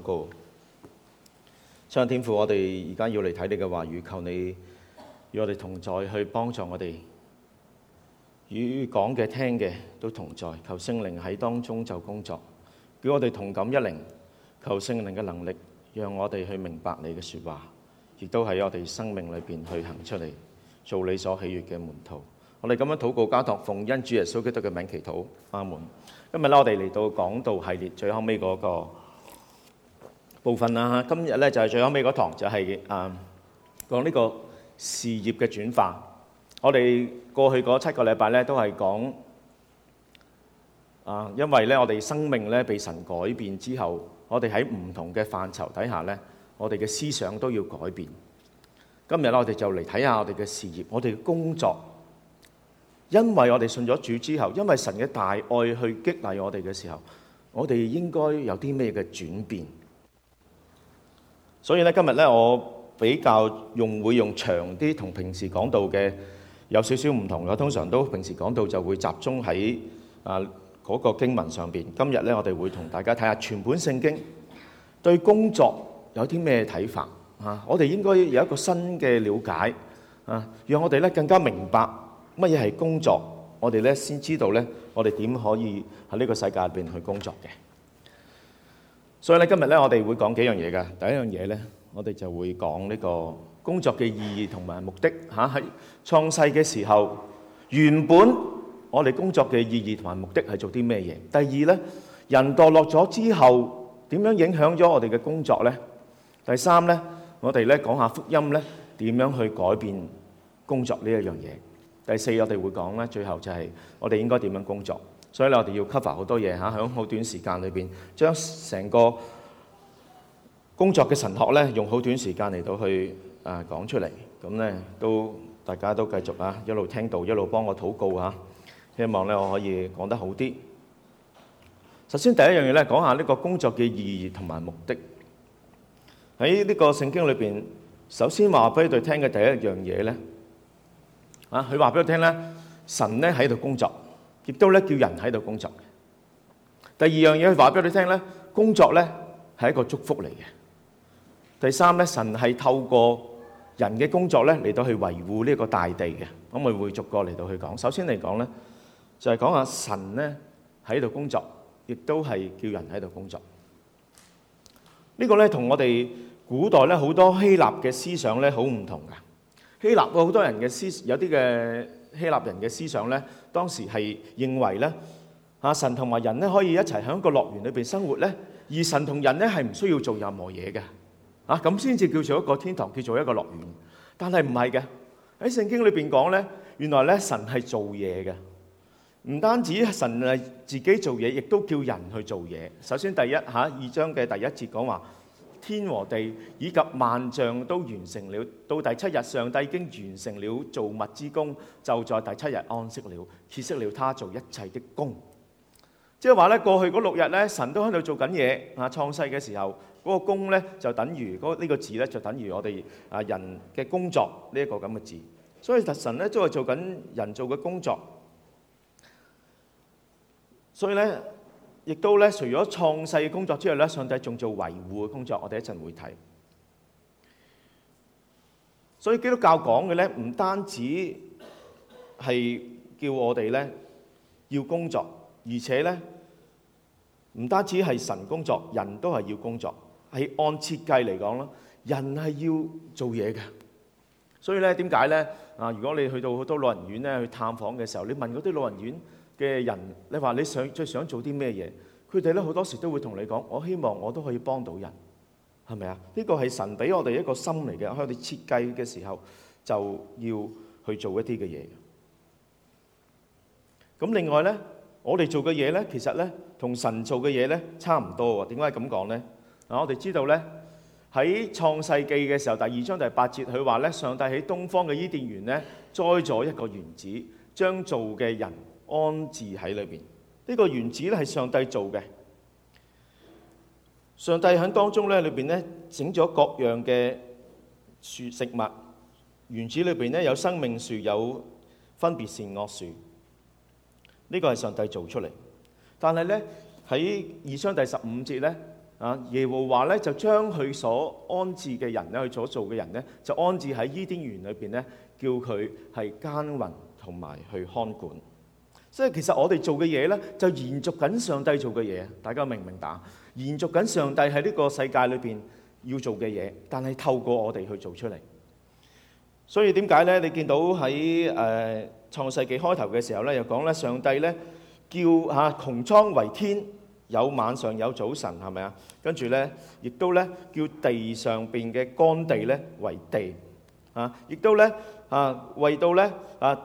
告，上天父，我哋而家要嚟睇你嘅話語，求你與我哋同在，去幫助我哋，與講嘅聽嘅都同在。求聖靈喺當中就工作，叫我哋同感一靈，求聖靈嘅能力，讓我哋去明白你嘅說話，亦都係我哋生命裏邊去行出嚟，做你所喜悅嘅門徒。我哋咁樣禱告加，交託奉恩主耶穌基督嘅名祈禱，阿門。今日咧，我哋嚟到講道系列最後尾，那，嗰個。部分啦，今日咧就係最後尾嗰堂就係啊講呢個事業嘅轉化。我哋過去嗰七個禮拜咧都係講啊，因為咧我哋生命咧被神改變之後，我哋喺唔同嘅範疇底下咧，我哋嘅思想都要改變。今日咧，我哋就嚟睇下我哋嘅事業，我哋嘅工作，因為我哋信咗主之後，因為神嘅大愛去激勵我哋嘅時候，我哋應該有啲咩嘅轉變？所以咧，今日咧，我比較用會用長啲，同平時講到嘅有少少唔同嘅。通常都平時講到就會集中喺啊嗰個經文上邊。今日咧，我哋會同大家睇下全本聖經對工作有啲咩睇法啊？我哋應該有一個新嘅了解啊，讓我哋咧更加明白乜嘢係工作，我哋咧先知道咧，我哋點可以喺呢個世界入邊去工作嘅。所以咧，今日咧，我哋會講幾樣嘢嘅。第一樣嘢咧，我哋就會講呢個工作嘅意義同埋目的。嚇喺創世嘅時候，原本我哋工作嘅意義同埋目的係做啲咩嘢？第二咧，人墮落咗之後，點樣影響咗我哋嘅工作咧？第三咧，我哋咧講下福音咧點樣去改變工作呢一樣嘢？第四，我哋會講咧，最後就係我哋應該點樣工作。所以咧，我哋要 cover 好多嘢嚇，喺好短時間裏邊，將成個工作嘅神學咧，用好短時間嚟到去啊講出嚟。咁咧都大家都繼續啊，一路聽到一路幫我禱告嚇。希望咧我可以講得好啲。首先第一樣嘢咧，講下呢個工作嘅意義同埋目的喺呢個聖經裏邊。首先話俾佢聽嘅第一樣嘢咧，啊佢話俾我聽咧，神咧喺度工作。亦都咧叫人喺度工作。第二樣嘢話俾你聽咧，工作咧係一個祝福嚟嘅。第三咧，神係透過人嘅工作咧嚟到去維護呢一個大地嘅。咁我咪會逐個嚟到去講。首先嚟講咧，就係講下神咧喺度工作，亦都係叫人喺度工作。呢個咧同我哋古代咧好多希臘嘅思想咧好唔同噶。希臘有好多人嘅思有啲嘅。希臘人嘅思想呢，當時係認為呢，啊神同埋人呢可以一齊喺一個樂園裏邊生活呢。而神同人呢，係唔需要做任何嘢嘅，啊咁先至叫做一個天堂，叫做一個樂園。但係唔係嘅，喺聖經裏邊講呢，原來呢，神係做嘢嘅，唔單止神係自己做嘢，亦都叫人去做嘢。首先第一嚇、啊、二章嘅第一節講話。天和地以及萬象都完成了。到第七日，上帝已經完成了造物之功，就在第七日安息了，歇息了他做一切的工。即係話咧，過去嗰六日咧，神都喺度做緊嘢啊，創世嘅時候嗰個工咧，就等於個呢個字咧，就等於我哋啊人嘅工作呢一個咁嘅字。所以神咧都係做緊人做嘅工作。所以咧。亦都咧，除咗創世工作之外咧，上帝仲做維護嘅工作。我哋一陣會睇。所以基督教講嘅咧，唔單止係叫我哋咧要工作，而且咧唔單止係神工作，人都係要工作。係按設計嚟講啦，人係要做嘢嘅。所以咧，點解咧？啊，如果你去到好多老人院咧去探訪嘅時候，你問嗰啲老人院嘅人，你話你想最想做啲咩嘢？佢哋咧好多時都會同你講：我希望我都可以幫到人，係咪啊？呢個係神俾我哋一個心嚟嘅。喺我哋設計嘅時候就要去做一啲嘅嘢。咁另外呢，我哋做嘅嘢呢，其實呢，同神做嘅嘢呢，差唔多啊。點解咁講呢？啊，我哋知道呢，喺創世記嘅時候，第二章第八節佢話呢：「上帝喺東方嘅伊甸園呢，栽咗一個園子，將做嘅人，安置喺裏邊呢，這個原子咧係上帝做嘅。上帝喺當中咧裏邊咧整咗各樣嘅樹食物。原子裏邊咧有生命樹，有分別善惡樹。呢，這個係上帝做出嚟，但係咧喺二章第十五節咧啊耶和華咧就將佢所安置嘅人咧，佢所做嘅人咧就安置喺伊甸園裏邊咧，叫佢係耕耘同埋去看管。即係其實我哋做嘅嘢咧，就延續緊上帝做嘅嘢，大家明唔明白？延續緊上帝喺呢個世界裏邊要做嘅嘢，但係透過我哋去做出嚟。所以點解咧？你見到喺誒創世紀開頭嘅時候咧，又講咧上帝咧叫啊穹蒼為天，有晚上有早晨，係咪啊？跟住咧，亦都咧叫地上邊嘅乾地咧為地，啊，亦都咧啊為到咧啊。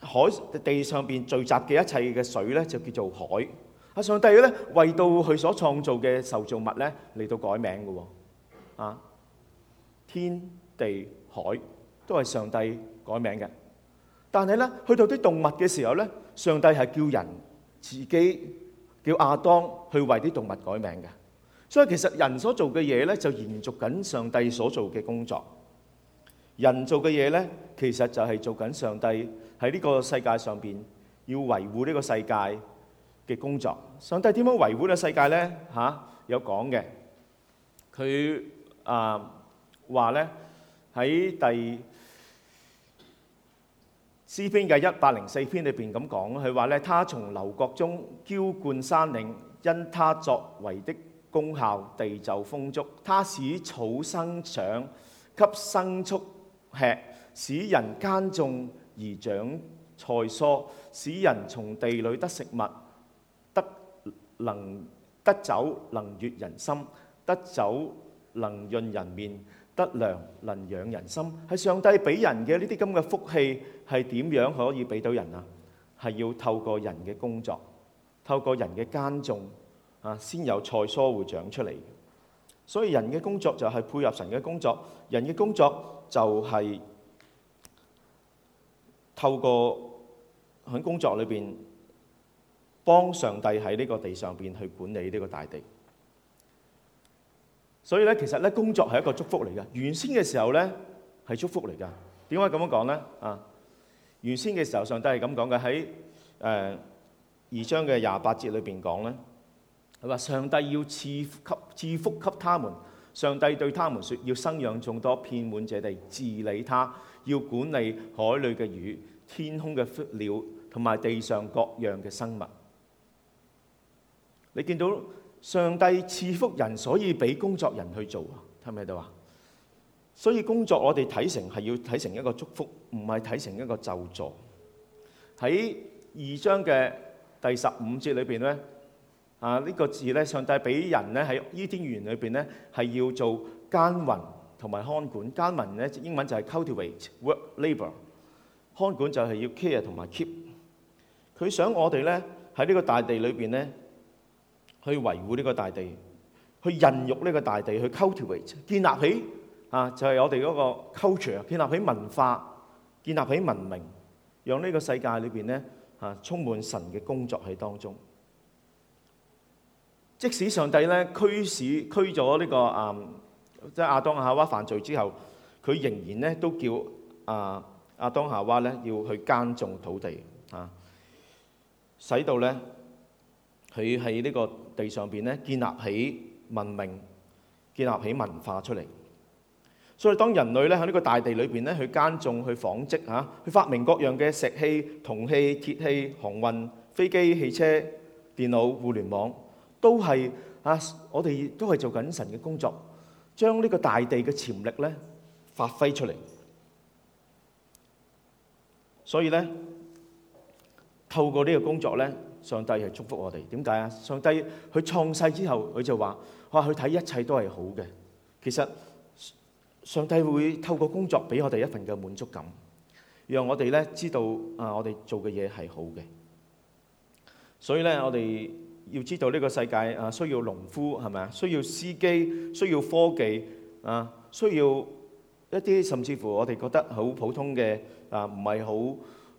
海，地上邊聚集嘅一切嘅水呢，就叫做海。啊，上帝呢，為到佢所創造嘅受造物呢，嚟到改名嘅啊、哦，天地海都係上帝改名嘅。但係呢，去到啲動物嘅時候呢，上帝係叫人自己叫亞當去為啲動物改名嘅。所以其實人所做嘅嘢呢，就延續緊上帝所做嘅工作。人做嘅嘢呢，其實就係做緊上帝喺呢個世界上邊，要維護呢個世界嘅工作，上帝點樣維護呢個世界呢？嚇、啊、有講嘅，佢啊話呢，喺第詩篇嘅一百零四篇裏邊咁講，佢話呢，他從流國樓閣中澆灌山嶺，因他作為的功效，地就豐足，他使草生長，給牲畜吃，使人耕種。而長菜蔬，使人從地裏得食物，得能得酒，能悅人心；得酒能潤人面，得糧能養人心。係上帝俾人嘅呢啲咁嘅福氣，係點樣可以俾到人啊？係要透過人嘅工作，透過人嘅耕種啊，先有菜蔬會長出嚟。所以人嘅工作就係配合神嘅工作，人嘅工作就係。透過喺工作裏邊幫上帝喺呢個地上邊去管理呢個大地，所以咧，其實咧，工作係一個祝福嚟噶。原先嘅時候咧係祝福嚟噶，點解咁樣講咧？啊，原先嘅時候上帝係咁講嘅，喺誒二章嘅廿八節裏邊講咧，佢話上帝要賜給賜福給他們，上帝對他們說，要生養眾多，遍滿這地，治理他。要管理海裏嘅魚、天空嘅鳥同埋地上各樣嘅生物。你見到上帝賜福人，所以俾工作人去做啊？聽唔聽到啊？所以工作我哋睇成係要睇成一個祝福，唔係睇成一個咒詛。喺二章嘅第十五節裏邊咧，啊呢個字咧，上帝俾人咧喺伊甸園裏邊咧係要做耕耘。同埋看管監民咧，英文就係 cultivate work labour。看管就係要 care 同埋 keep。佢想我哋咧喺呢個大地裏邊咧，去維護呢個大地，去孕育呢個大地，去 cultivate，建立起啊，就係、是、我哋嗰個 culture，建立起文化，建立起文明，讓呢個世界裏邊咧啊充滿神嘅工作喺當中。即使上帝咧驅使驅咗呢個啊。Um, 即係亞當夏娃犯罪之後，佢仍然咧都叫啊亞當夏娃咧要去耕種土地啊，使到咧佢喺呢個地上邊咧建立起文明、建立起文化出嚟。所以當人類咧喺呢個大地裏邊咧去耕種、去紡織啊、去發明各樣嘅石器、銅器、鐵器、航運、飛機、汽車、電腦、互聯網，都係啊，我哋都係做緊神嘅工作。將呢個大地嘅潛力咧發揮出嚟，所以咧透過呢個工作咧，上帝係祝福我哋。點解啊？上帝佢創世之後佢就話，哇！去睇一切都係好嘅。其實上帝會透過工作俾我哋一份嘅滿足感，讓我哋咧知道啊，我哋做嘅嘢係好嘅。所以咧，我哋。要知道呢個世界啊，需要農夫係咪啊？需要司機，需要科技啊，需要一啲甚至乎我哋覺得好普通嘅啊，唔係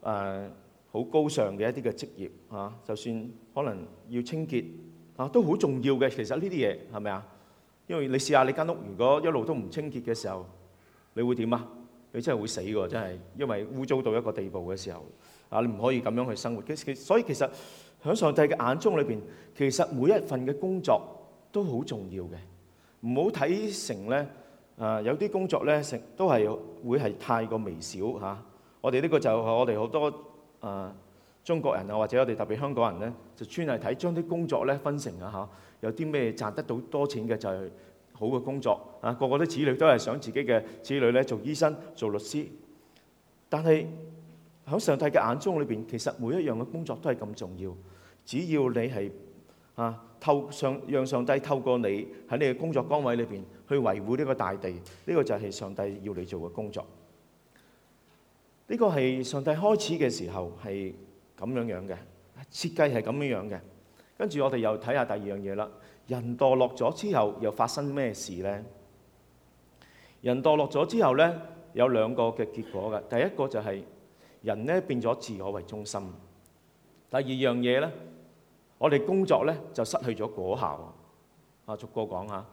好誒好高尚嘅一啲嘅職業啊。就算可能要清潔啊，都好重要嘅。其實呢啲嘢係咪啊？因為你試下你間屋，如果一路都唔清潔嘅時候，你會點啊？你真係會死㗎，真係，因為污糟到一個地步嘅時候啊，你唔可以咁樣去生活嘅。其所以其實。喺上帝嘅眼中裏邊，其實每一份嘅工作都好重要嘅，唔好睇成咧啊，有啲工作咧成都係會係太過微小嚇。我哋呢個就係我哋好多啊、呃、中國人啊，或者我哋特別香港人咧，就專係睇將啲工作咧分成啊嚇，有啲咩賺得到多錢嘅就係好嘅工作啊，個個啲子女都係想自己嘅子女咧做醫生、做律師，但係。喺上帝嘅眼中裏邊，其實每一樣嘅工作都係咁重要。只要你係啊透上，讓上帝透過你喺你嘅工作崗位裏邊去維護呢個大地，呢個就係上帝要你做嘅工作。呢個係上帝開始嘅時候係咁樣樣嘅設計，係咁樣樣嘅。跟住我哋又睇下第二樣嘢啦。人墮落咗之後，又發生咩事咧？人墮落咗之後咧，有兩個嘅結果嘅。第一個就係人咧變咗自我為中心。第二樣嘢咧，我哋工作咧就失去咗果效。啊，逐個講下。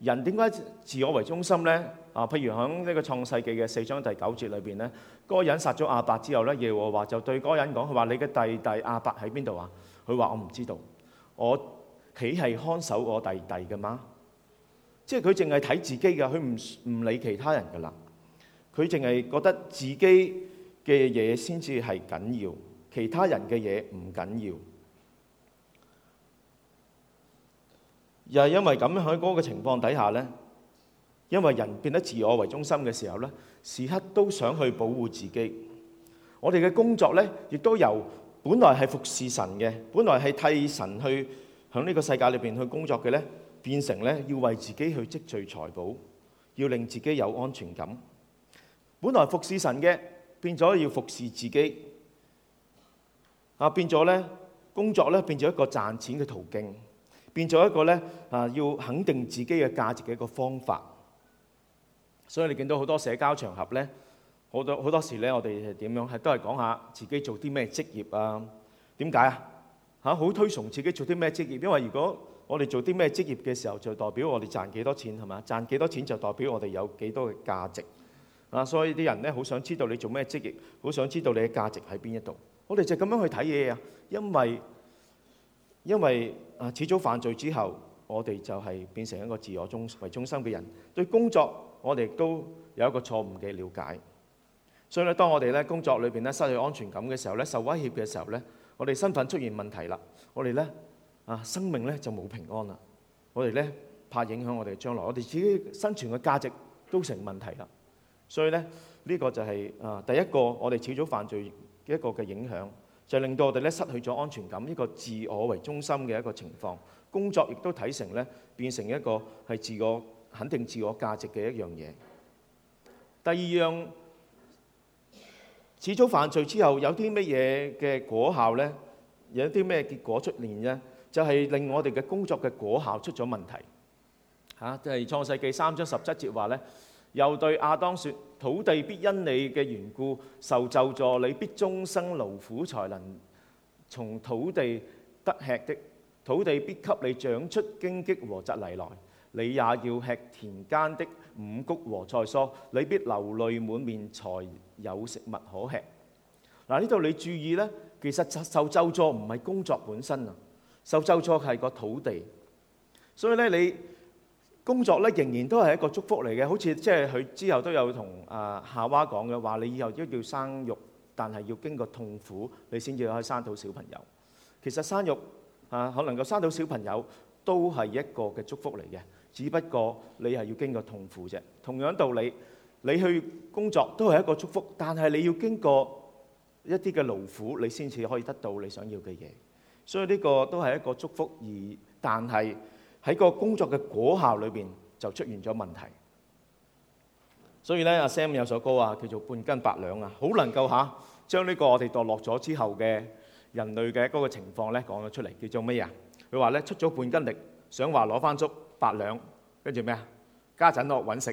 人點解自我為中心咧？啊，譬如喺呢個創世記嘅四章第九節裏邊咧，嗰、嗰個人殺咗亞伯之後咧，耶和華就對嗰個人講：佢話你嘅弟弟亞伯喺邊度啊？佢話我唔知道。我豈係看守我弟弟嘅嘛。」即係佢淨係睇自己嘅，佢唔唔理其他人㗎啦。佢淨係覺得自己。嘅嘢先至係緊要，其他人嘅嘢唔緊要。又係因為咁，喺嗰個情況底下呢，因為人變得自我為中心嘅時候呢，時刻都想去保護自己。我哋嘅工作呢，亦都由本來係服侍神嘅，本來係替神去響呢個世界裏邊去工作嘅呢，變成呢要為自己去積聚財寶，要令自己有安全感。本來服侍神嘅。變咗要服侍自己，啊變咗咧工作咧變咗一個賺錢嘅途徑，變咗一個咧啊要肯定自己嘅價值嘅一個方法。所以你見到好多社交場合咧，好多好多時咧，我哋係點樣係都係講下自己做啲咩職業啊？點解啊？嚇好推崇自己做啲咩職業，因為如果我哋做啲咩職業嘅時候，就代表我哋賺幾多錢係嘛？賺幾多錢就代表我哋有幾多嘅價值。啊！所以啲人咧，好想知道你做咩職業，好想知道你嘅價值喺邊一度。我哋就咁樣去睇嘢啊，因為因為啊，始終犯罪之後，我哋就係變成一個自我中為中心嘅人。對工作，我哋都有一個錯誤嘅了解。所以咧，當我哋咧工作裏邊咧失去安全感嘅時候咧，受威脅嘅時候咧，我哋身份出現問題啦。我哋咧啊，生命咧就冇平安啦。我哋咧怕影響我哋嘅將來，我哋自己生存嘅價值都成問題啦。所以咧，呢個就係啊第一個我哋始祖犯罪嘅一個嘅影響，就令到我哋咧失去咗安全感，呢個自我為中心嘅一個情況。工作亦都睇成咧變成一個係自我肯定、自我價值嘅一樣嘢。第二樣始祖犯罪之後有啲乜嘢嘅果效咧？有啲咩結果出現咧？就係令我哋嘅工作嘅果效出咗問題。嚇、啊！即係創世記三章十七節話咧。又對亞當說：土地必因你嘅緣故受咒詛，你必終生勞苦才能從土地得吃的。土地必給你長出荊棘和蒺藜來，你也要吃田間的五穀和菜蔬。你必流淚滿面，才有食物可吃。嗱，呢度你注意咧，其實受咒詛唔係工作本身啊，受咒詛係個土地，所以咧你。工作咧仍然都係一個祝福嚟嘅，好似即係佢之後都有同啊夏娃講嘅話，你以後都要生育，但係要經過痛苦，你先至可以生到小朋友。其實生育啊，可能夠生到小朋友都係一個嘅祝福嚟嘅，只不過你係要經過痛苦啫。同樣道理，你去工作都係一個祝福，但係你要經過一啲嘅勞苦，你先至可以得到你想要嘅嘢。所以呢個都係一個祝福，而但係。喺個工作嘅果效裏邊就出現咗問題，所以咧阿 Sam 有首歌啊，叫做《半斤八兩》啊，好能夠吓將呢個我哋墮落咗之後嘅人類嘅嗰個情況咧講咗出嚟，叫做咩啊？佢話咧出咗半斤力，想話攞翻足八兩，跟住咩啊？家陣落揾食，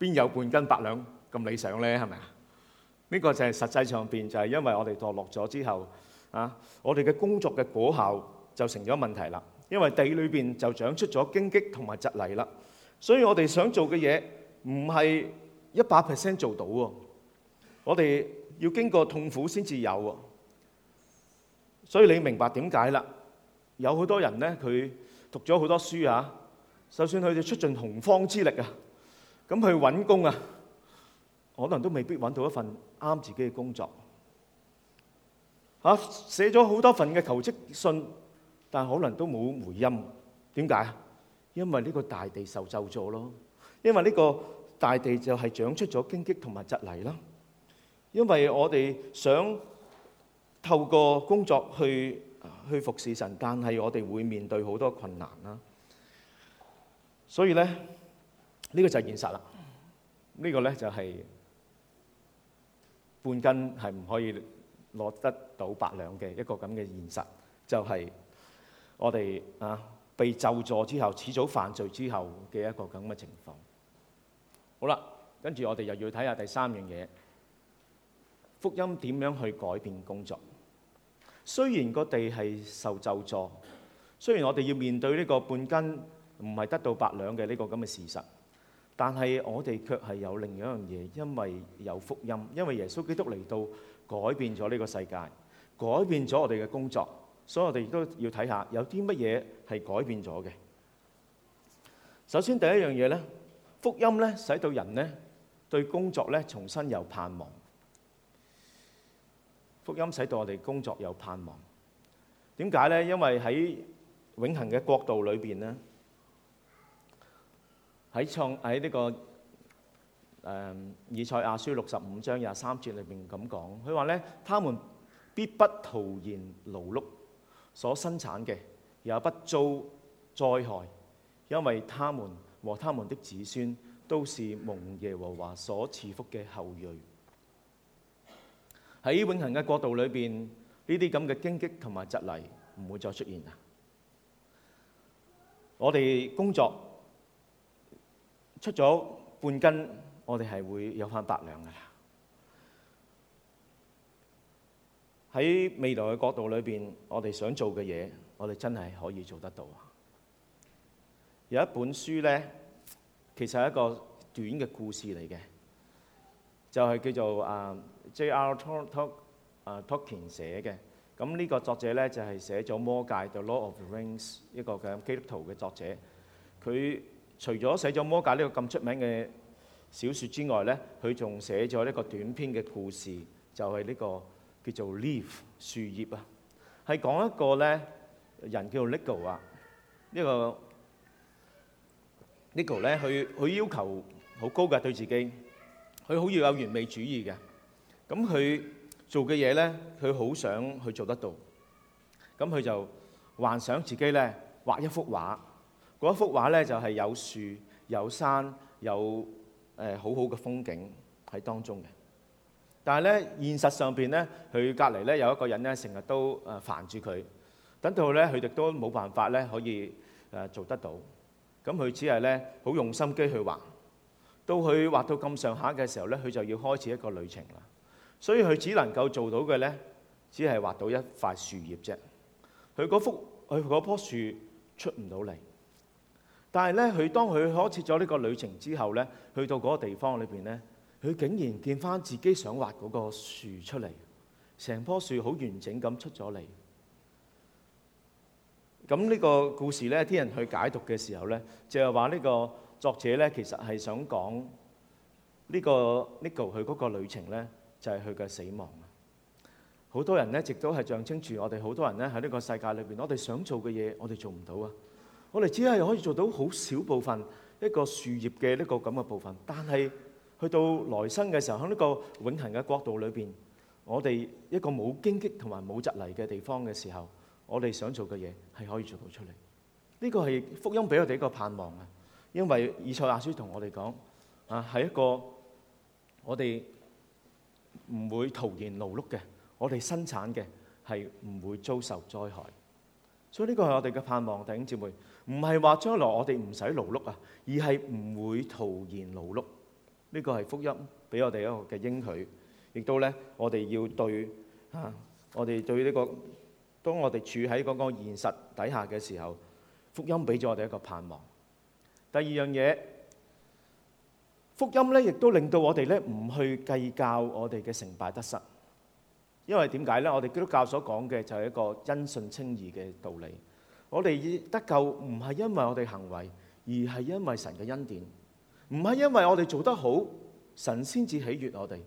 邊有半斤八兩咁理想咧？係咪啊？呢個就係實際上邊就係因為我哋墮落咗之後啊，我哋嘅工作嘅果效就成咗問題啦。因為地裏邊就長出咗荊棘同埋蒺藜啦，所以我哋想做嘅嘢唔係一百 percent 做到喎，我哋要經過痛苦先至有喎，所以你明白點解啦？有好多人咧，佢讀咗好多書啊，就算佢哋出盡洪荒之力啊，咁去揾工啊，可能都未必揾到一份啱自己嘅工作啊，嚇寫咗好多份嘅求職信。但可能都冇回音，點解啊？因為呢個大地受咒咗咯，因為呢個大地就係長出咗荊棘同埋蒺藜啦。因為我哋想透過工作去去服侍神，但係我哋會面對好多困難啦。所以咧，呢個就係現實啦。呢個咧就係半斤係唔可以攞得到百兩嘅一個咁嘅現實，就係。我哋啊被咒詛之後，始祖犯罪之後嘅一個咁嘅情況。好啦，跟住我哋又要睇下第三樣嘢。福音點樣去改變工作？雖然我哋係受咒詛，雖然我哋要面對呢個半斤唔係得到八兩嘅呢個咁嘅事實，但係我哋卻係有另一樣嘢，因為有福音，因為耶穌基督嚟到改變咗呢個世界，改變咗我哋嘅工作。所以我哋亦都要睇下有啲乜嘢係改變咗嘅。首先第一樣嘢咧，福音咧使到人咧對工作咧重新有盼望。福音使到我哋工作有盼望。點解咧？因為喺永恆嘅國度裏邊咧，喺創喺呢個誒以賽亞書六十五章廿三節裏邊咁講，佢話咧：他們必不徒然勞碌。所生產嘅也不遭災害，因為他們和他們的子孫都是蒙耶和華所賜福嘅後裔。喺永恆嘅國度裏邊，呢啲咁嘅荊棘同埋蒺藜唔會再出現啦。我哋工作出咗半斤，我哋係會有翻百兩嘅。喺未來嘅角度裏邊，我哋想做嘅嘢，我哋真係可以做得到啊！有一本書咧，其實係一個短嘅故事嚟嘅，就係叫做啊 J.R.Tolkien 寫嘅。咁呢個作者咧就係寫咗《魔戒》The Lord of the Rings 一個嘅基督徒嘅作者。佢除咗寫咗《魔戒》呢個咁出名嘅小説之外咧，佢仲寫咗一個短篇嘅故事，就係呢個。叫做 leaf 樹葉啊，係講一個咧人叫做 Nico 啊，呢個 Nico 咧，佢佢要求好高嘅對自己，佢好要有完美主義嘅。咁佢做嘅嘢咧，佢好想去做得到。咁佢就幻想自己咧畫一幅畫，嗰一幅畫咧就係有樹、有山、有誒好好嘅風景喺當中嘅。但係咧，現實上邊咧，佢隔離咧有一個人咧，成日都誒煩住佢，等到咧佢哋都冇辦法咧可以誒做得到，咁佢只係咧好用心機去畫，到佢畫到咁上下嘅時候咧，佢就要開始一個旅程啦。所以佢只能夠做到嘅咧，只係畫到一塊樹葉啫。佢嗰幅佢嗰棵樹出唔到嚟，但係咧，佢當佢開始咗呢個旅程之後咧，去到嗰個地方裏邊咧。佢竟然見翻自己想畫嗰個樹出嚟，成棵樹好完整咁出咗嚟。咁呢個故事咧，啲人去解讀嘅時候咧，就係話呢個作者咧，其實係想講呢個 Nico 佢嗰個旅程咧，就係佢嘅死亡。好多人咧，直都係象徵住我哋好多人咧，喺呢個世界裏邊，我哋想做嘅嘢，我哋做唔到啊！我哋只係可以做到好少部分一個樹葉嘅呢個咁嘅部分，但係，去到來生嘅時候，喺呢個永恆嘅國度裏邊，我哋一個冇荊棘同埋冇蒺藜嘅地方嘅時候，我哋想做嘅嘢係可以做到出嚟。呢個係福音俾我哋一個盼望啊！因為以賽亞書同我哋講啊，係一個我哋唔會徒然勞碌嘅，我哋生產嘅係唔會遭受災害。所以呢個係我哋嘅盼望，弟兄姐妹，唔係話將來我哋唔使勞碌啊，而係唔會徒然勞碌。呢個係福音俾我哋一個嘅應許，亦都咧我哋要對嚇、啊，我哋對呢、呢個當我哋處喺嗰個現實底下嘅時候，福音俾咗我哋一個盼望。第二樣嘢，福音咧亦都令到我哋咧唔去計較我哋嘅成敗得失，因為點解咧？我哋基督教所講嘅就係一個因信稱義嘅道理。我哋得救唔係因為我哋行為，而係因為神嘅恩典。唔係因為我哋做得好，神先至喜悅我哋，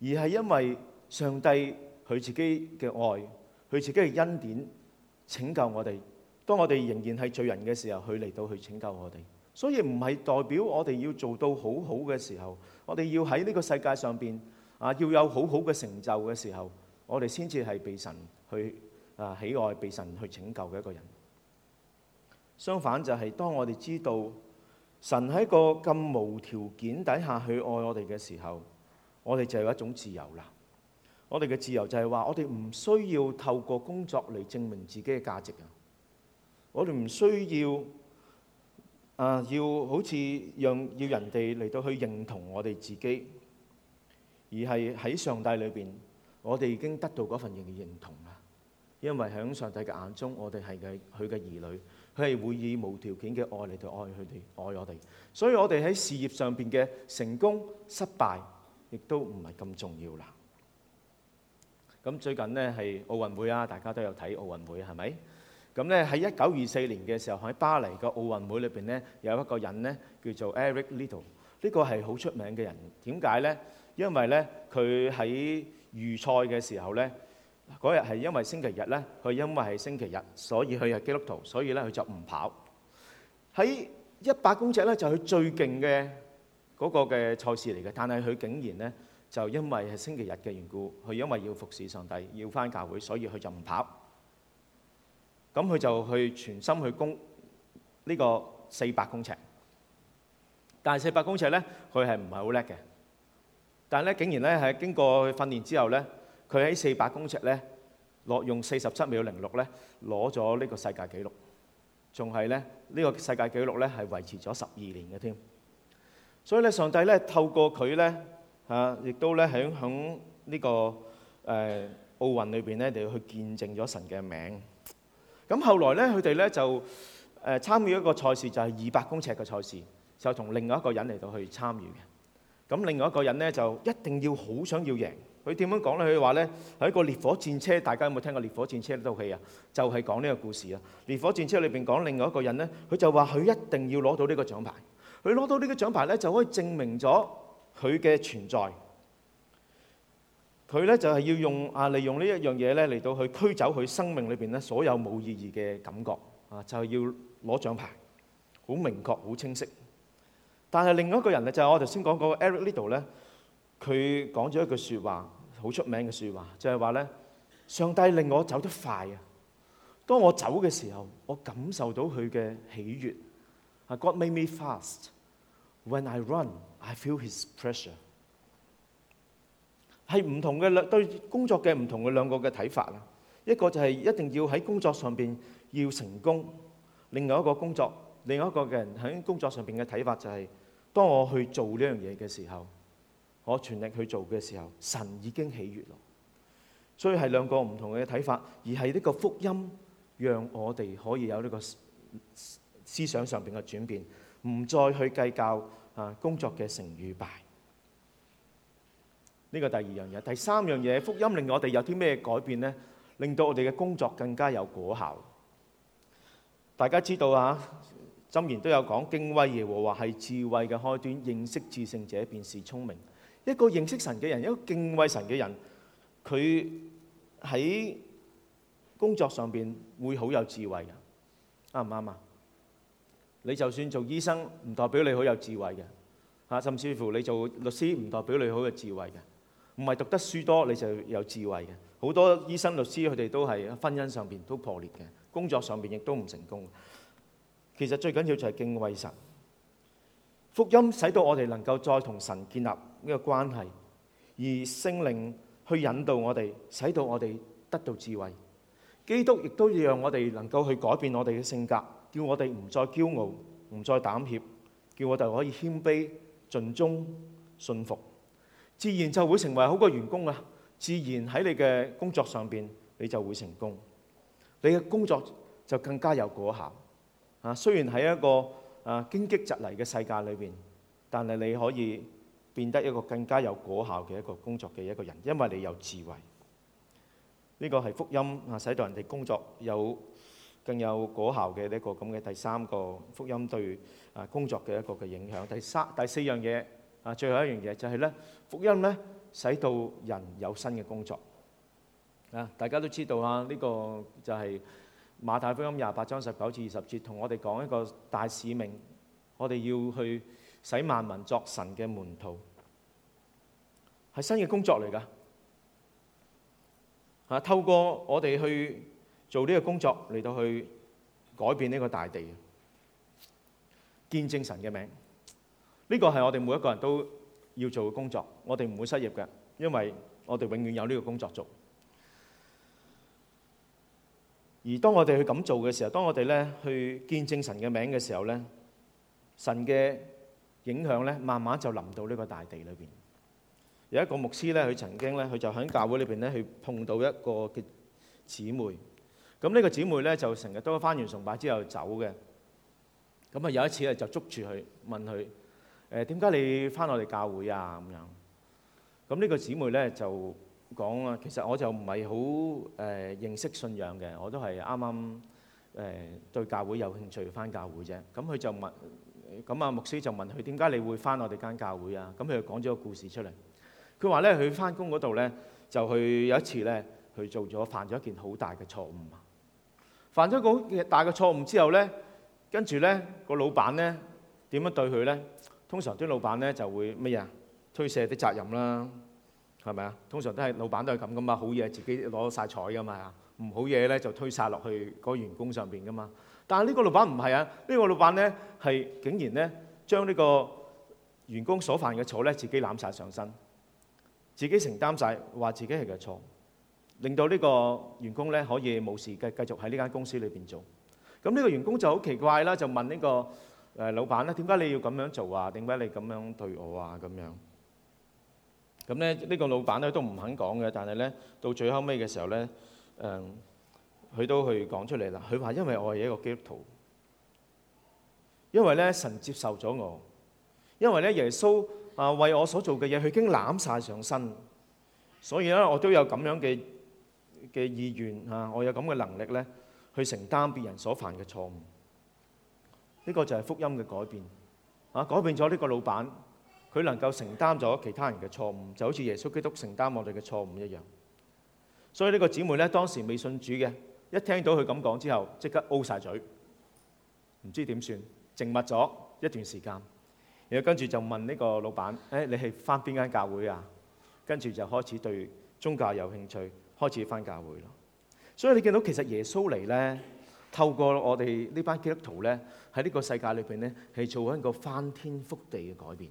而係因為上帝佢自己嘅愛，佢自己嘅恩典拯救我哋。當我哋仍然係罪人嘅時候，佢嚟到去拯救我哋。所以唔係代表我哋要做到好好嘅時候，我哋要喺呢個世界上邊啊要有好好嘅成就嘅時候，我哋先至係被神去啊喜愛，被神去拯救嘅一個人。相反就係，當我哋知道。神喺個咁無條件底下去愛我哋嘅時候，我哋就有一種自由啦。我哋嘅自由就係話，我哋唔需要透過工作嚟證明自己嘅價值啊。我哋唔需要啊、呃，要好似讓要人哋嚟到去認同我哋自己，而係喺上帝裏邊，我哋已經得到份嘢嘅認同。因為喺上帝嘅眼中，我哋係佢佢嘅兒女，佢係會以無條件嘅愛嚟去愛佢哋、愛我哋。所以我哋喺事業上邊嘅成功、失敗，亦都唔係咁重要啦。咁最近呢係奧運會啊，大家都有睇奧運會係咪？咁呢喺一九二四年嘅時候喺巴黎個奧運會裏邊呢，有一個人呢，叫做 Eric Liddell，呢個係好出名嘅人。點解呢？因為呢佢喺預賽嘅時候呢。嗰日係因為星期日咧，佢因為係星期日，所以佢係基督徒，所以咧佢就唔跑。喺一百公尺咧就係佢最勁嘅嗰個嘅賽事嚟嘅，但係佢竟然咧就因為係星期日嘅緣故，佢因為要服侍上帝，要翻教會，所以佢就唔跑。咁佢就去全心去攻呢個四百公尺，但係四百公尺咧佢係唔係好叻嘅，但係咧竟然咧喺經過訓練之後咧。佢喺四百公尺咧，落用四十七秒零六咧攞咗呢個世界紀錄，仲係咧呢個世界紀錄咧係維持咗十二年嘅添。所以咧，上帝咧透過佢咧嚇，亦都咧喺響呢個誒奧運裏邊咧，就去見證咗神嘅名。咁後來咧，佢哋咧就誒參與一個賽事，就係二百公尺嘅賽事，就同另外一個人嚟到去參與嘅。咁另外一個人咧就一定要好想要贏。佢點樣講咧？佢話咧係一個烈火戰車，大家有冇聽過烈火戰車呢套戲啊？就係講呢個故事啊！烈火戰車裏邊講另外一個人咧，佢就話佢一定要攞到呢個獎牌。佢攞到呢個獎牌咧，就可以證明咗佢嘅存在。佢咧就係要用啊，利用呢一樣嘢咧嚟到去驅走佢生命裏邊咧所有冇意義嘅感覺啊！就係要攞獎牌，好明確，好清晰。但係另外一個人咧，就係我頭先講嗰個 Eric Liddell 咧，佢講咗一句説話。好出名嘅説話就係話咧，上帝令我走得快啊！當我走嘅時候，我感受到佢嘅喜悦。啊，God made me fast. When I run, I feel His pressure。係唔同嘅對工作嘅唔同嘅兩個嘅睇法啦。一個就係一定要喺工作上邊要成功，另外一個工作，另外一個嘅人喺工作上邊嘅睇法就係，當我去做呢樣嘢嘅時候。我全力去做嘅時候，神已經喜悦咯。所以係兩個唔同嘅睇法，而係呢個福音讓我哋可以有呢個思想上面嘅轉變，唔再去計較啊工作嘅成與敗。呢個第二樣嘢，第三樣嘢，福音令我哋有啲咩改變呢？令到我哋嘅工作更加有果效。大家知道啊，箴言都有講，敬畏耶和華係智慧嘅開端，認識至聖者便是聰明。一個認識神嘅人，一個敬畏神嘅人，佢喺工作上邊會好有智慧嘅，啱唔啱啊？你就算做醫生，唔代表你好有智慧嘅，啊，甚至乎你做律師，唔代表你好有智慧嘅。唔係讀得書多你就有智慧嘅，好多醫生、律師佢哋都係婚姻上邊都破裂嘅，工作上邊亦都唔成功。其實最緊要就係敬畏神。福音使到我哋能夠再同神建立呢個關係，而聖靈去引導我哋，使到我哋得到智慧。基督亦都要讓我哋能夠去改變我哋嘅性格，叫我哋唔再驕傲，唔再膽怯，叫我哋可以謙卑、盡忠、信服，自然就會成為好嘅員工啊！自然喺你嘅工作上邊，你就會成功，你嘅工作就更加有果效啊！雖然喺一個啊，荊棘蒺藜嘅世界裏邊，但係你可以變得一個更加有果效嘅一個工作嘅一個人，因為你有智慧。呢、這個係福音啊，使到人哋工作有更有果效嘅呢一個咁嘅第三個福音對啊工作嘅一個嘅影響。第三、第四樣嘢啊，最後一樣嘢就係咧，福音咧使到人有新嘅工作啊！大家都知道啊，呢、這個就係、是。馬太福音廿八章十九至二十節，同我哋講一個大使命，我哋要去使萬民作神嘅門徒，係新嘅工作嚟噶。吓，透過我哋去做呢個工作，嚟到去改變呢個大地，見證神嘅名。呢個係我哋每一個人都要做嘅工作，我哋唔會失業嘅，因為我哋永遠有呢個工作做。而當我哋去咁做嘅時候，當我哋咧去見證神嘅名嘅時候咧，神嘅影響咧，慢慢就臨到呢個大地裏邊。有一個牧師咧，佢曾經咧，佢就喺教會裏邊咧，去碰到一個嘅姊妹。咁呢個姊妹咧，就成日都返完崇拜之後走嘅。咁啊有一次咧，就捉住佢問佢：誒點解你返我哋教會啊？咁樣。咁呢個姊妹咧就，講啊，其實我就唔係好誒認識信仰嘅，我都係啱啱誒對教會有興趣翻教會啫。咁佢就問，咁啊牧師就問佢，點解你會翻我哋間教會啊？咁佢就講咗個故事出嚟。佢話咧，佢翻工嗰度咧，就去有一次咧，佢做咗犯咗一件好大嘅錯誤啊。犯咗個大嘅錯誤之後咧，跟住咧個老闆咧點樣對佢咧？通常啲老闆咧就會乜嘢啊？推卸啲責任啦。係咪啊？通常都係老闆都係咁噶嘛，好嘢自己攞晒彩噶嘛，唔好嘢咧就推晒落去嗰員工上邊噶嘛。但係呢個老闆唔係啊，呢個老闆咧係竟然咧將呢個員工所犯嘅錯咧自己攬晒上身，自己承擔晒，話自己係嘅錯，令到呢個員工咧可以冇事繼繼續喺呢間公司裏邊做。咁呢個員工就好奇怪啦，就問呢個誒老闆咧，點解你要咁樣做啊？點解你咁樣對我啊？咁樣。咁咧，呢個老闆咧都唔肯講嘅，但係咧到最後尾嘅時候咧，誒，佢都去講出嚟啦。佢話因為我係一個基督徒，因為咧神接受咗我，因為咧耶穌啊為我所做嘅嘢，佢已經攬晒上身，所以咧我都有咁樣嘅嘅意願嚇，我有咁嘅能力咧去承擔別人所犯嘅錯誤。呢個就係福音嘅改變，啊，改變咗呢個老闆。佢能夠承擔咗其他人嘅錯誤，就好似耶穌基督承擔我哋嘅錯誤一樣。所以個姐呢個姊妹咧，當時未信主嘅，一聽到佢咁講之後，即刻 O 晒嘴，唔知點算，靜默咗一段時間。然後跟住就問呢個老闆：誒、哎，你係返邊間教會啊？跟住就開始對宗教有興趣，開始返教會咯。所以你見到其實耶穌嚟咧，透過我哋呢班基督徒咧，喺呢個世界裏邊咧，係做緊一個翻天覆地嘅改變。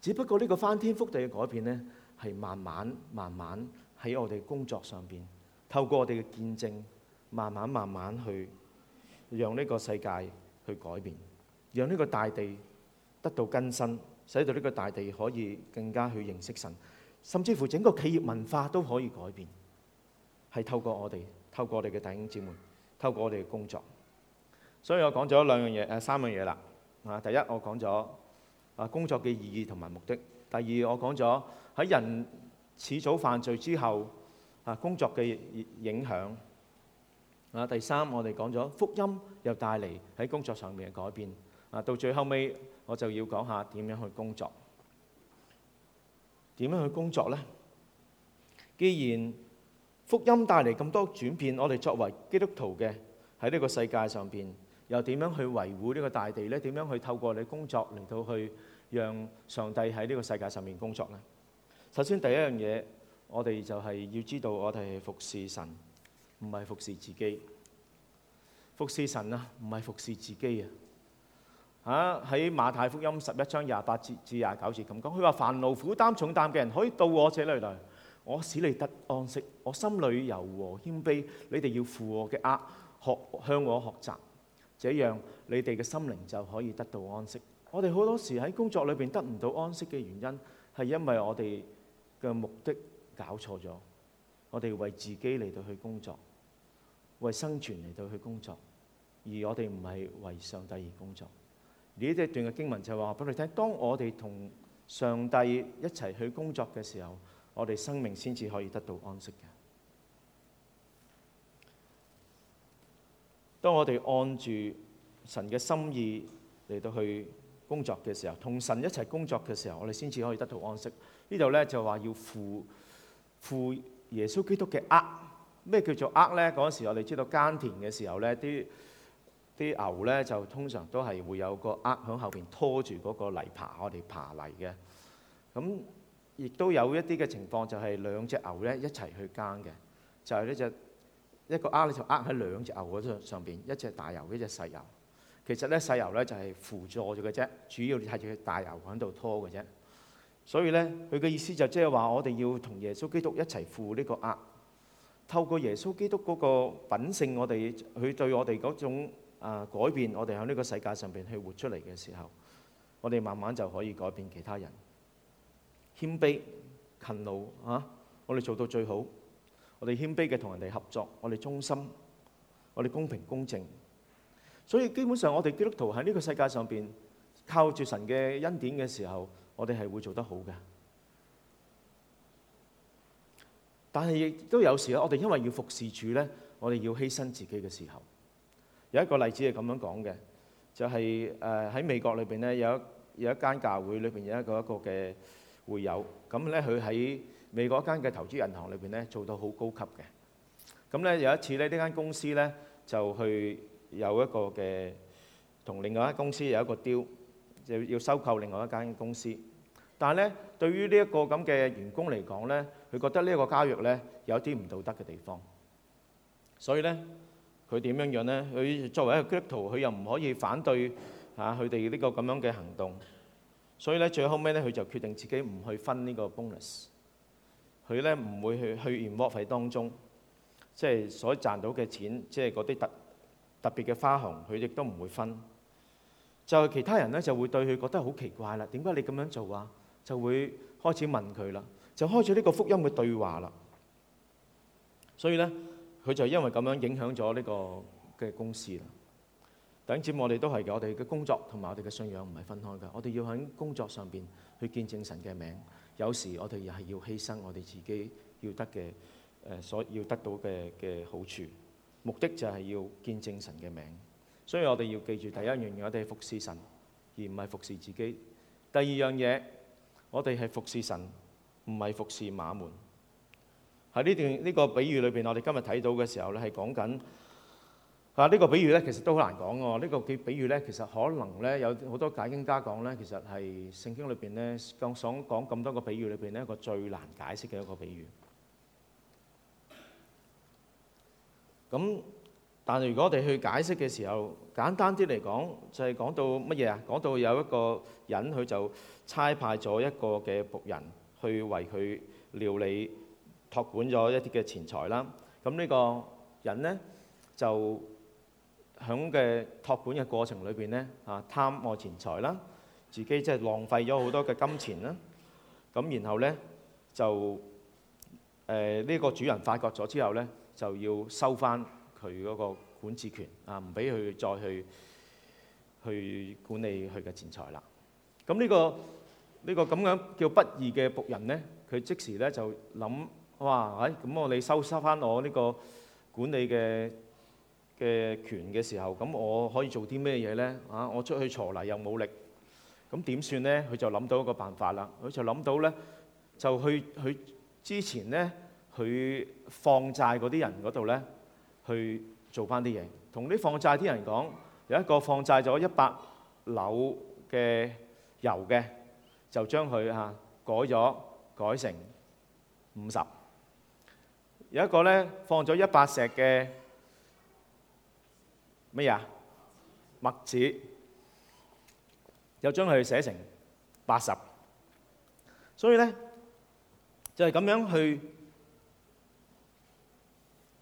只不過呢個翻天覆地嘅改變咧，係慢慢慢慢喺我哋工作上邊，透過我哋嘅見證，慢慢慢慢去讓呢個世界去改變，讓呢個大地得到更新，使到呢個大地可以更加去認識神，甚至乎整個企業文化都可以改變，係透過我哋，透過我哋嘅弟兄姊妹，透過我哋嘅工作。所以我講咗兩樣嘢，誒，三樣嘢啦。啊，第一我講咗。啊，工作嘅意義同埋目的。第二，我講咗喺人始祖犯罪之後，啊，工作嘅影響。啊，第三，我哋講咗福音又帶嚟喺工作上面嘅改變。啊，到最後尾，我就要講下點樣去工作。點樣去工作咧？既然福音帶嚟咁多轉變，我哋作為基督徒嘅喺呢個世界上邊，又點樣去維護呢個大地呢？點樣去透過你工作嚟到去讓上帝喺呢個世界上面工作呢？首先第一樣嘢，我哋就係要知道我哋係服侍神，唔係服侍自己。服侍神啊，唔係服侍自己啊！啊，喺馬太福音十一章廿八至至廿九節咁講，佢話：煩惱苦擔重擔嘅人可以到我這裏來，我使你得安息，我心裏柔和謙卑。你哋要負我嘅軛，學向我學習。這樣你哋嘅心靈就可以得到安息。我哋好多時喺工作裏邊得唔到安息嘅原因，係因為我哋嘅目的搞錯咗。我哋為自己嚟到去工作，為生存嚟到去工作，而我哋唔係為上帝而工作。呢一段嘅經文就話，我俾你聽，當我哋同上帝一齊去工作嘅時候，我哋生命先至可以得到安息嘅。當我哋按住神嘅心意嚟到去工作嘅時候，同神一齊工作嘅時候，我哋先至可以得到安息。呢度咧就話要負負耶穌基督嘅軛。咩叫做軛咧？嗰時我哋知道耕田嘅時候咧，啲啲牛咧就通常都係會有個軛喺後邊拖住嗰個泥耙，我哋爬泥嘅。咁亦都有一啲嘅情況就係兩隻牛咧一齊去耕嘅，就係呢隻。一個軛咧就軛喺兩隻牛嗰上上邊，一隻大牛，一隻細牛。其實咧細牛咧就係輔助咗嘅啫，主要你睇住佢大牛喺度拖嘅啫。所以咧佢嘅意思就即係話，我哋要同耶穌基督一齊負呢個軛。透過耶穌基督嗰個品性我，我哋佢對我哋嗰種、呃、改變，我哋喺呢個世界上邊去活出嚟嘅時候，我哋慢慢就可以改變其他人。謙卑勤勞啊，我哋做到最好。我哋謙卑嘅同人哋合作，我哋忠心，我哋公平公正。所以基本上，我哋基督徒喺呢個世界上邊，靠住神嘅恩典嘅時候，我哋係會做得好嘅。但係亦都有時咧，我哋因為要服侍主咧，我哋要犧牲自己嘅時候，有一個例子係咁樣講嘅，就係誒喺美國裏邊咧，有一有一間教會裏邊有一個一個嘅會友，咁咧佢喺美國一間嘅投資銀行裏邊咧，做到好高級嘅。咁咧有一次咧，呢間公司咧就去有一個嘅同另外一間公司有一個 deal，就要收購另外一間公司。但係咧，對於呢一個咁嘅員工嚟講咧，佢覺得呢一個交易咧有啲唔道德嘅地方。所以咧，佢點樣樣咧？佢作為一個 crypto，佢又唔可以反對吓佢哋呢個咁樣嘅行動。所以咧，最後尾咧，佢就決定自己唔去分呢個 bonus。佢咧唔會去去 involve 喺當中，即係所賺到嘅錢，即係嗰啲特特別嘅花紅，佢亦都唔會分。就其他人咧就會對佢覺得好奇怪啦，點解你咁樣做啊？就會開始問佢啦，就開咗呢個福音嘅對話啦。所以咧，佢就因為咁樣影響咗呢個嘅公司啦。等接我哋都係嘅，我哋嘅工作同埋我哋嘅信仰唔係分開㗎，我哋要喺工作上邊去見證神嘅名。有時我哋又係要犧牲我哋自己要得嘅誒、呃，所要得到嘅嘅好處，目的就係要見證神嘅名。所以我哋要記住第一樣嘢，我哋係服侍神，而唔係服侍自己；第二樣嘢，我哋係服侍神，唔係服侍馬門。喺呢段呢、呢個比喻裏邊，我哋今日睇到嘅時候咧，係講緊。啊！呢個比喻咧，其實都好難講喎。呢個嘅比喻咧，其實可能咧有好多解經家講咧，其實係聖經裏邊咧，講想講咁多個比喻裏邊咧，一個最難解釋嘅一個比喻。咁，但係如果我哋去解釋嘅時候，簡單啲嚟講，就係講到乜嘢啊？講到有一個人，佢就差派咗一個嘅僕人去為佢料理、託管咗一啲嘅錢財啦。咁呢個人咧就～響嘅託管嘅過程裏邊咧，啊，貪愛錢財啦，自己即係浪費咗好多嘅金錢啦。咁然後咧就誒呢、呃呢個主人發覺咗之後咧，就要收翻佢嗰個管治權啊，唔俾佢再去去管理佢嘅錢財啦。咁呢、呢個呢、呢個咁樣叫不義嘅僕人咧，佢即時咧就諗哇，誒咁我你收收翻我呢個管理嘅。嘅權嘅時候，咁我可以做啲咩嘢咧？啊，我出去鋤泥又冇力，咁點算咧？佢就諗到一個辦法啦。佢就諗到咧，就去去之前咧，佢放債嗰啲人嗰度咧，去做翻啲嘢，同啲放債啲人講，有一個放債咗一百簍嘅油嘅，就將佢嚇改咗改成五十。有一個咧放咗一百石嘅。乜啊？墨字又將佢寫成八十，所以咧，就係、是、咁樣去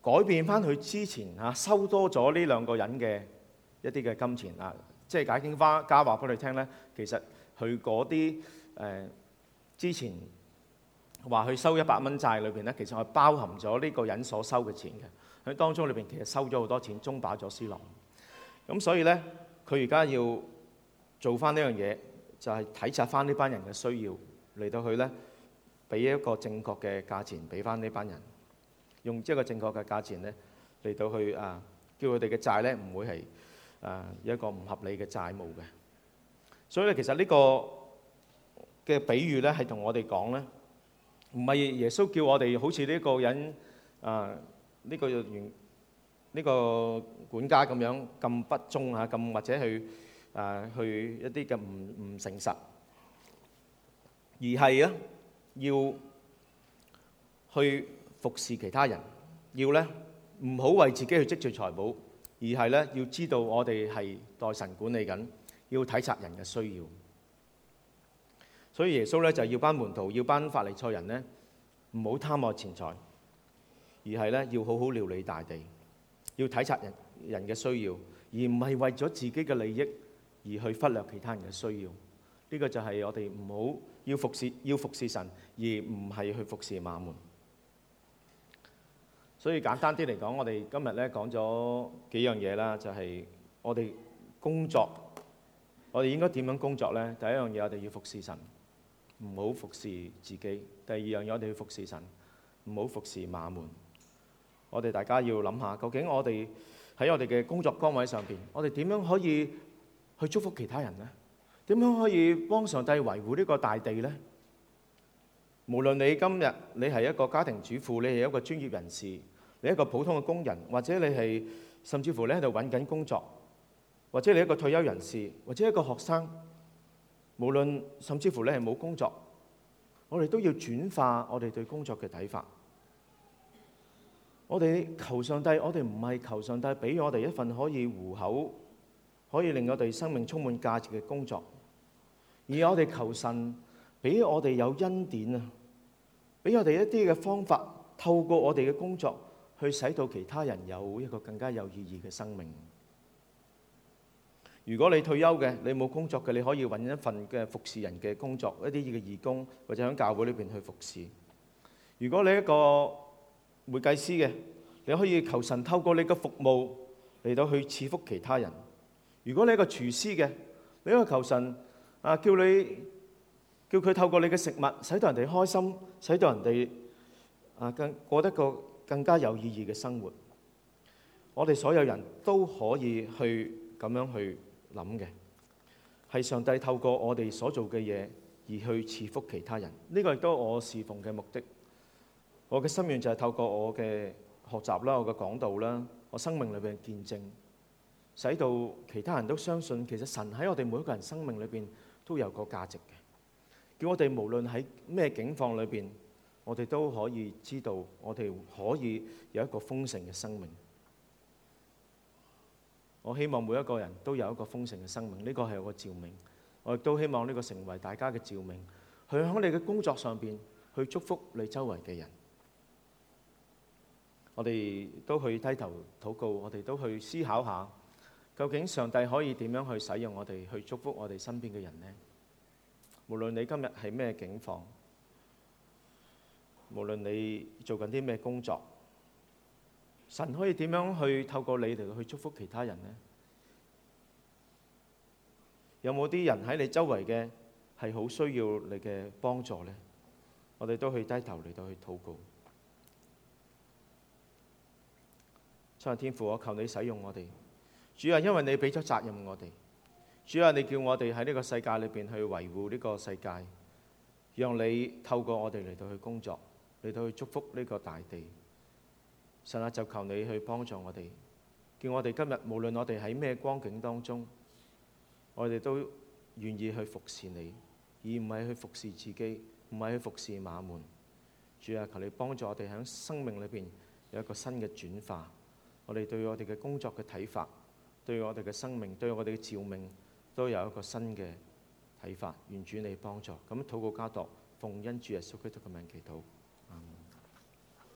改變翻佢之前嚇收多咗呢兩個人嘅一啲嘅金錢啊！即係解經花家話俾你聽咧，其實佢嗰啲誒之前話佢收一百蚊債裏邊咧，其實係包含咗呢個人所收嘅錢嘅，佢當中裏邊其實收咗好多錢，中飽咗私囊。.咁所以咧，佢而家要做翻呢樣嘢，就係、是、體察翻呢班人嘅需要，嚟到去咧，俾一個正確嘅價錢，俾翻呢班人，用一個正確嘅價錢咧，嚟到去啊，叫佢哋嘅債咧，唔會係啊一個唔合理嘅債務嘅。所以咧，其實呢個嘅比喻咧，係同我哋講咧，唔係耶穌叫我哋好似呢個人啊，呢、這個原。呢個管家咁樣咁不忠呀，咁或者去啊去一啲嘅唔唔誠實，而係咧要去服侍其他人，要咧唔好為自己去積聚財寶，而係咧要知道我哋係代神管理緊，要體察人嘅需要。所以耶穌咧就要班門徒，要班法利賽人咧唔好貪愛錢財，而係咧要好好料理大地。要體察人人嘅需要，而唔係為咗自己嘅利益而去忽略其他人嘅需要。呢個就係我哋唔好要服侍要服侍神，而唔係去服侍馬門。所以簡單啲嚟講，我哋今日咧講咗幾樣嘢啦，就係我哋工作，我哋應該點樣工作呢？第一樣嘢我哋要服侍神，唔好服侍自己；第二樣嘢我哋要服侍神，唔好服侍馬門。我哋大家要諗下，究竟我哋喺我哋嘅工作崗位上邊，我哋點樣可以去祝福其他人呢？點樣可以幫上帝維護呢個大地呢？無論你今日你係一個家庭主婦，你係一個專業人士，你一個普通嘅工人，或者你係甚至乎你喺度揾緊工作，或者你一個退休人士，或者一個學生，無論甚至乎你係冇工作，我哋都要轉化我哋對工作嘅睇法。我哋求上帝，我哋唔係求上帝俾我哋一份可以糊口，可以令我哋生命充滿價值嘅工作。而我哋求神俾我哋有恩典啊，俾我哋一啲嘅方法，透過我哋嘅工作去使到其他人有一個更加有意義嘅生命。如果你退休嘅，你冇工作嘅，你可以揾一份嘅服侍人嘅工作，一啲嘅義工或者喺教會裏面去服侍。如果你一個，會計師嘅，你可以求神透過你嘅服務嚟到去賜福其他人。如果你係一個廚師嘅，你可以求神啊，叫你叫佢透過你嘅食物，使到人哋開心，使到人哋啊更過得個更加有意義嘅生活。我哋所有人都可以去咁樣去諗嘅，係上帝透過我哋所做嘅嘢，而去賜福其他人。呢個亦都我侍奉嘅目的。我嘅心願就係透過我嘅學習啦、我嘅講道啦、我生命裏邊嘅見證，使到其他人都相信，其實神喺我哋每一個人生命裏邊都有個價值嘅，叫我哋無論喺咩境況裏邊，我哋都可以知道，我哋可以有一個豐盛嘅生命。我希望每一個人都有一個豐盛嘅生命，呢個係我個照明。我亦都希望呢個成為大家嘅照明，去喺你嘅工作上邊去祝福你周圍嘅人。我哋都去低頭禱告，我哋都去思考下，究竟上帝可以點樣去使用我哋，去祝福我哋身邊嘅人呢？無論你今日係咩境況，無論你做緊啲咩工作，神可以點樣去透過你哋去祝福其他人呢？有冇啲人喺你周圍嘅係好需要你嘅幫助呢？我哋都去低頭嚟到去禱告。上天父，我求你使用我哋。主啊，因為你俾咗責任我哋，主啊，你叫我哋喺呢個世界裏邊去維護呢個世界，讓你透過我哋嚟到去工作，嚟到去祝福呢個大地。神啊，就求你去幫助我哋，叫我哋今日無論我哋喺咩光景當中，我哋都願意去服侍你，而唔係去服侍自己，唔係去服侍馬門。主啊，求你幫助我哋響生命裏邊有一個新嘅轉化。我哋對我哋嘅工作嘅睇法，對我哋嘅生命，對我哋嘅召命，都有一個新嘅睇法，願主你幫助。咁禱告交託，奉恩主耶穌基督嘅名祈禱。